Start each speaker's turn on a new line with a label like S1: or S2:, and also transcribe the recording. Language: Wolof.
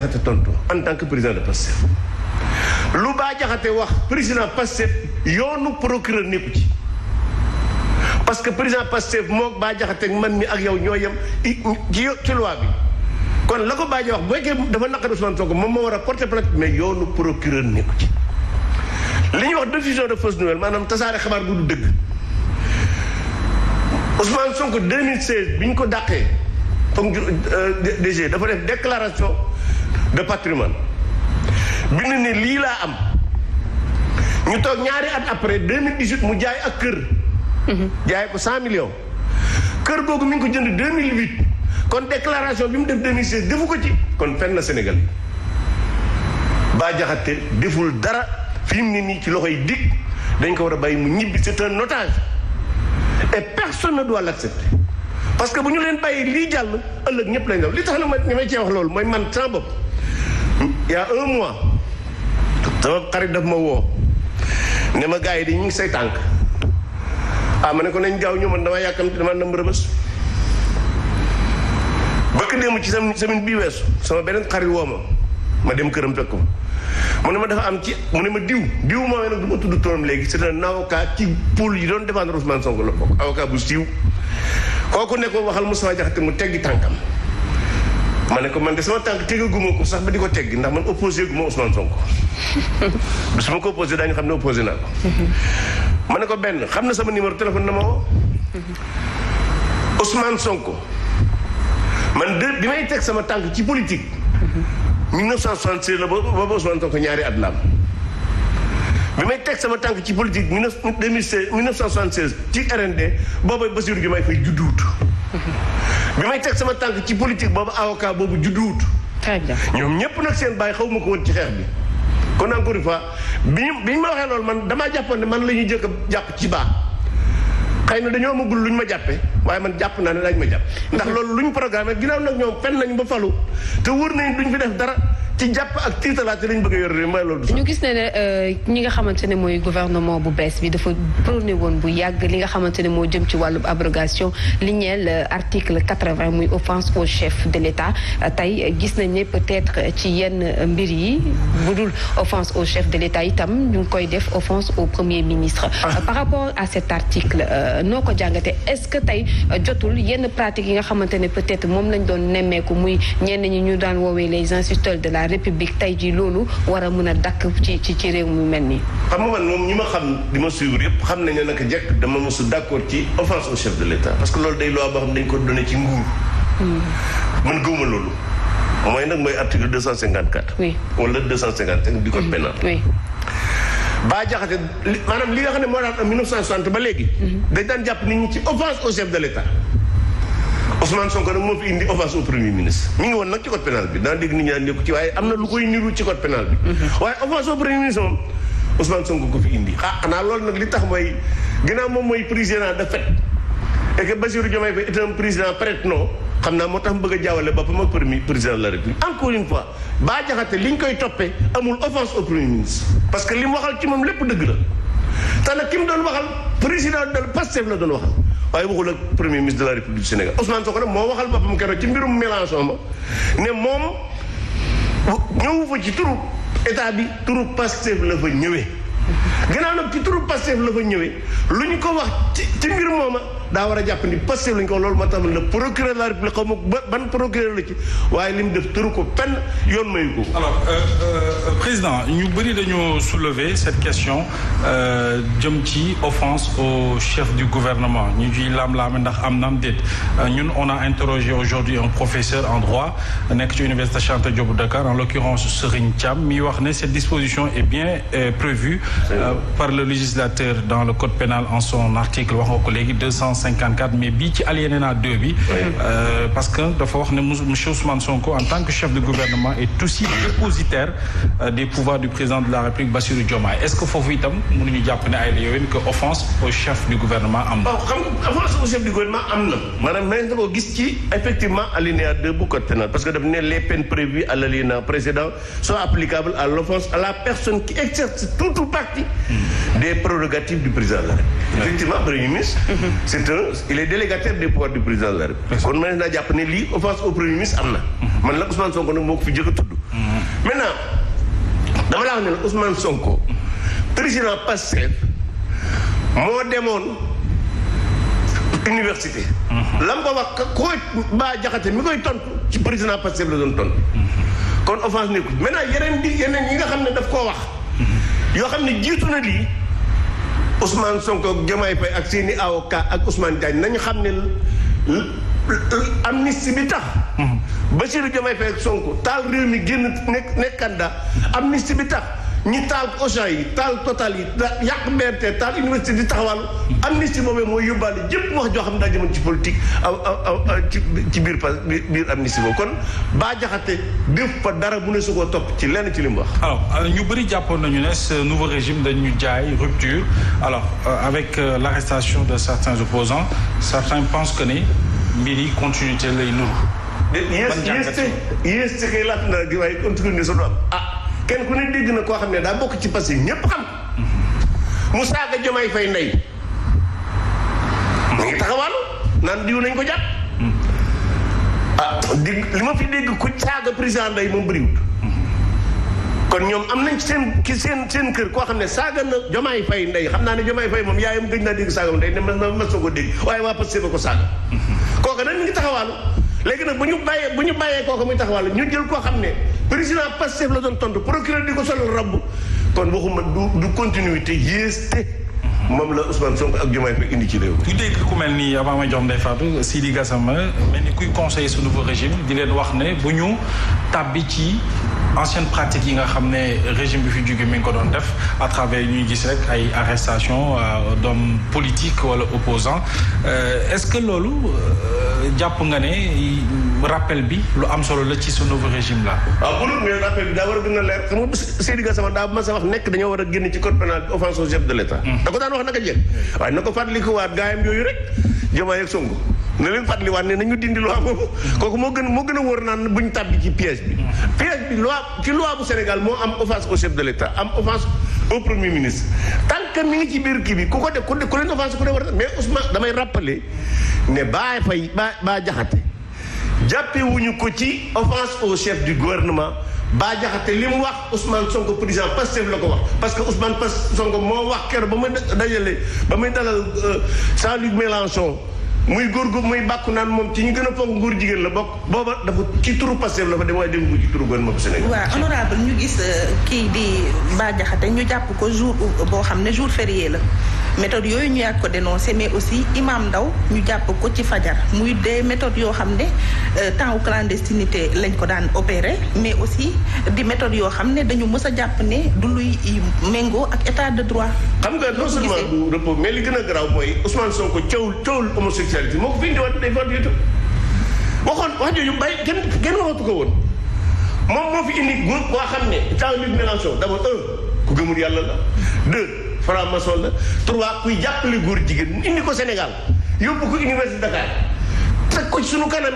S1: jaxate tontu en tant que président de Pastef lu baa wax président Pastef yoonu procureur nekku ci parce que président Pastef moo baa jaxate ak man mi ak yow ñoo yem ci ci loi bi kon la ko bàaja wax bu fekkee dafa naqari Ousmane Sonko moom moo war a porter plainte mais yoonu procureur nekku ci li ñuy wax diffusion de fausse nouvelle maanaam tasaare xabaar bu du dëgg Ousmane Sonko 2016 bi ñu ko dàqee foog euh, DG dafa def déclaration de patrimoine bind ni lii laa am ñu toog ñaari at après 2018 mu jaay ak kër. jaay ko cent millions. kër googu mu ngi ko jënd 2008 kon déclaration bi mu def 2016 defu ko ci kon fenn na Sénégal Bah Diakhaté deful dara fii mu ne nii ci loxo yi dikk dañ ko war a bàyyi mu ñibbi c'est un otage et personne ne doit l'accepter parce que bu ñu leen bàyyi lii jàll ëllëg ñëpp lañ daw li tax na ma ña may wax loolu mooy man sama bopp. il y a un mois sama xarit daf ma woo ne ma gars yi di ñu ngi say tànk ah ma ne ko nañ gaaw ñëw man dama yàkkamti dama nam rëbës bëkk démb ci sama semaine bi weesu sama beneen xarit woo ma ma dem këram fekk ko mu ne ma dafa am ci mu ne ma diw diw moo nag du tudd turam léegi c'est un avocat ci pool yi doon défendre Ousmane Sonko la bokk avocat bu siiw kooku ne ko waxal Moustapha Diakhaté mu teggi tànkam ma ne ko man de sama tànk tegaguma ko sax ba di ko teg ndax man opposé guma Ousmane Sonko su ma ko opposé daañu xam ne opposé naa ko ma ne ko benn xam na sama numéro téléphone na ma woo Ousmane Sonko man de bi may teg sama tànk ci politique 1966 la ba ba Ousmane Sonko ñaari at la am bi may teg sama tànk ci politique 19 2016 1976 ci RND booba Bassirou Diomaye Faye judduwut bi may teg sama tànk ci politique boobu avocat boobu judduwut ñoom ñëpp nag seen bàyyi xaw ma ko woon ci xeex bi kon encore une fois bi bi ñu ma waxee loolu man damaa jàppoon ne man la ñuy jëkk jàpp ci baax xëy na dañoo amagul lu ñu ma jàppee waaye man jàpp naa ne dañ ma jàpp ndax loolu lu ñu programme ginnaaw nag ñoom fen nañu ba falu te wóor nañ duñ fi def dara ci jàpp ak tiitalaat yi lañ bëgg a mooy loolu. ñu gis ne ne euh, ñi nga xamante ne mooy gouvernement bu bees bi dafa prôné woon bu yàgg li nga xamante ne moo jëm ci wàllu abrogation li ñeel euh, article quatre-vingt muy offense au chef de l'État tey gis nañ ne peut-être ci yenn mbir yi bu dul offense au chef de l'État itam ñu ngi koy def offense au premier ministre. Ah. par rapport à cet article euh, noo ko jàngatee est-ce que tey jotul yenn pratiques yi nga xamante ne peut moom lañ doon nemmeeku muy ñenn ñi ñu daan woowee les insulteurs de la république tey jii loolu war a mën a dakk ci ci ci réew mu mel nii. xam nga man moom ñi ma xam di ma suivre yëpp xam nañ ne naka jekk dama mosu d' accord ci offense au chef de l' parce que loolu day loi boo xam dañ ko donné ci nguur. Hmm. man gëwuma loolu. mooy nag mooy article deux cent cinquante quatre. oui wala deux cent cinquante cinq hmm. li nga xam ne moo daan am 1960 ba léegi. Hmm. dañ daan jàpp nit ñi ci offense au chef de l' Ousmane Sonko nag moo fi indi offense au premier ministre mi ngi woon nag ci code pénal bi daan dégg nit ñaa nekku ci waaye am na lu koy niru ci code pénal bi mhm. waaye offense au premier ministre moom Ousmane Sonko ko fi indi ah xanaa loolu nag li tax mooy ginnaaw moom mooy président de fait et que Bassirou Diomaye Faye est un président xam naa moo tax mu bëgg a jaawale boppam ak premier président de la république encore une fois Bah Diakhaté li ñu koy toppee amul offense moom lépp dëgg la te nag ki mu doon waxal président de Pastef la doon waaye waxul ak premier ministre de la république du Sénégal Ousmane Sonko nag moo waxal boppam keroog ci mbirum Mélenchon ma ne moom ñëwu fa ci turu état bi turu Pastef la fa ñëwee. gannaaw nag ci turu Pastef la fa ñëwee lu ñu ko wax ci ci mbir mooma. daa war a jàpp ni Pastef lañ ko loolu moo tax le procureur de la République xaw ma ban procureur la ci waaye li def turu ko penn yoon
S2: mayu ko. alors euh, euh, président ñu bëri dañoo soulever cette question euh, jëm ci offense au chef du gouvernement ñu ciy laam-laame ndax am naam déet ñun on a interrogé aujourd'hui un professeur en droit nekk ci université Cheikh Anta de Dakar en l'occurrence Serigne Thiam mi wax ne cette disposition est bien prévue par le législateur dans le code pénal en son article wax nga ko léegi deux cent 154 mais bii ci alinéa 2 bi. Euh, parce que dafa wax ne monsieur Ousmane Sonko en tant que chef de gouvernement est aussi dépositaire euh, des pouvoirs du président de la République Bassirou Diomaye est-ce que foofu itam mënuñu jàpp ne ay la que offense au chef du gouvernement am na. waaw xam nga offense au chef
S1: du ci effectivement alinéa bu code pénal parce que daf les peines prévues à l'alinéa précédent sont applicables à l'offense à la personne qui exerce tout ou hmm. la c'est un il est délégataire des pouvoirs du président de la République. kon mën naa jàpp ne lii offense au premier am na. man la Ousmane Sonko nag moo ko fi jëkk a tudd. maintenant dama laa wax ne la Ousmane Sonko. président Pastef moo demoon université. la mu ko wax koo baa jaxate mi koy tontu ci président Pastef la doon tontu. kon offense nekkul maintenant yeneen di yeneen yi nga xam ne daf koo wax. yoo xam ne jiitu na lii. Ousmane Sonko Diomaye Faye ak seeni avocat ak Ousmane Diagne nañu xam ne amnistie bi tax. Mhm. Bassirou Diomaye Faye ak Sonko taal réew mi génn nekk nekk candidat amnistie bi tax. ñu taal Auchan yi taal Total yi yàq BRT taal université di taxawal amnistie boobee mooy yóbbaale jëpp wax joo xam ne daa jëmoon ci politique ci biir pa biir amnistie boobu kon Bah Diakhaté def fa dara bu ne su ko topp ci lenn ci li mu wax.
S2: alors ñu bëri jàppoon nañu ne ce nouveau régime dañu jaay rupture alors avec l'arrestation de certains opposants certains pensent que ni mbir yi continuité lay nuru.
S1: ban jàngat yées yées ci xëy na di waaye continuité sa du am kenn ku ne dégg na koo xam ne daa bokk ci passé ñépp xam mu saaga Diomaye fay ndey mu ngi taxawal naan diw nañ ko jàpp ah di li ma fi dégg ku saaga président ndey moom bëriwut kon ñoom am nañ ci seen ki seen seen kër koo xam ne saaga na Diomaye Faye ndey xam naa ne Diomaye Faye moom yaayam gëj naa dégg saaga ndey ne ma ma soo ko dégg waaye waa Pastef a ko saaga mhm. kooku nag mi ngi taxawal léegi nag bu ñu bàyyee bu ñu bàyyee kooku muy taxawal ñu jël koo xam ne président Pastef la doon tontu procureur di ko solal rabb kon waxuma du du continuité yéeste
S2: moom la Ousmane Sonko ak Diomaye Faye indi ci réew mi. ñu dégg ku mel ni avant may jox Ndeye Fatou Sidi Gassama mel ni kuy conseiller su nouveau régime di leen wax ne bu ñu tàbbi ci ancienne pratique yi nga xam ne régime bi fi jóge mi ngi ko doon def à travers ñuy gis rek ay arrestation euh, d'hommes politique wala opposant euh, est-ce que loolu euh, jàpp nga ne rappel bi lu am solo la ci ce nouveau régime la waaw bu ngeen
S1: rappel bi daa war a gën a leer xam nga Seydi daa ma sa wax nekk dañoo war a génn ci code pénal offense au de l'État mmh. da ko daan wax naka jël mmh. waaye na ko fàttali ko waat gaayam yooyu rek jëmaa yeeg Sonko na leen fàttaliwaat ne nañu dindi loi boobu kooku moo gën moo gën a wóor naan buñ tàbbi ci piège bi piège bi loi ci loi bu Sénégal moo am offense au chef de l'État am offense au premier ministre tant que mi ngi ci biir kii bi ku ko def ku leen offense ku ne war mais Ousmane damay rappeler ne baa fay baa baa jaxate jàppewuñu ko ci offense au chef du gouvernement baa jaxate li mu wax Ousmane Sonko président Pastef la ko wax parce que Ousmane Sonko moo wax kër ba muy dajale ba muy dalal euh, Jean-Luc muy góor gu muy bàkku naan moom ci ñu gën a fonk nguur jigéen la bokk booba dafa ci turu Pastef la fa dem waaye dem ci turu gouvernement bu Sénégal. honorable ñu gis euh, kii di Bah Diakhaté ñu jàpp ko jour euh, boo xam ne jour férié la méthode yooyu ñu yàgg ko dénoncé mais aussi Imam Ndaw ñu jàpp ko ci fajar muy des méthodes yoo xam ne euh, temps clandestinité lañ ko daan opéré mais aussi di méthode yoo xam ne dañu mës a jàpp ne du luy méngoo ak état de droit. xam nga non seulement du repos gën a garaaw mooy Ousmane Sonko coowul coowul homosexuel actualité moo ko bindi woon defoon YouTube waxoon wax jooju bàyyi kenn kenn waxatu ko woon moom moo fi indi góor koo xam ne Jean-Luc Mélenchon d'abord un ku gëmul yàlla la deux ma maçon
S2: la trois kuy jàppale góor jigéen indi ko Sénégal yóbbu ko université Dakar teg ko ci kanam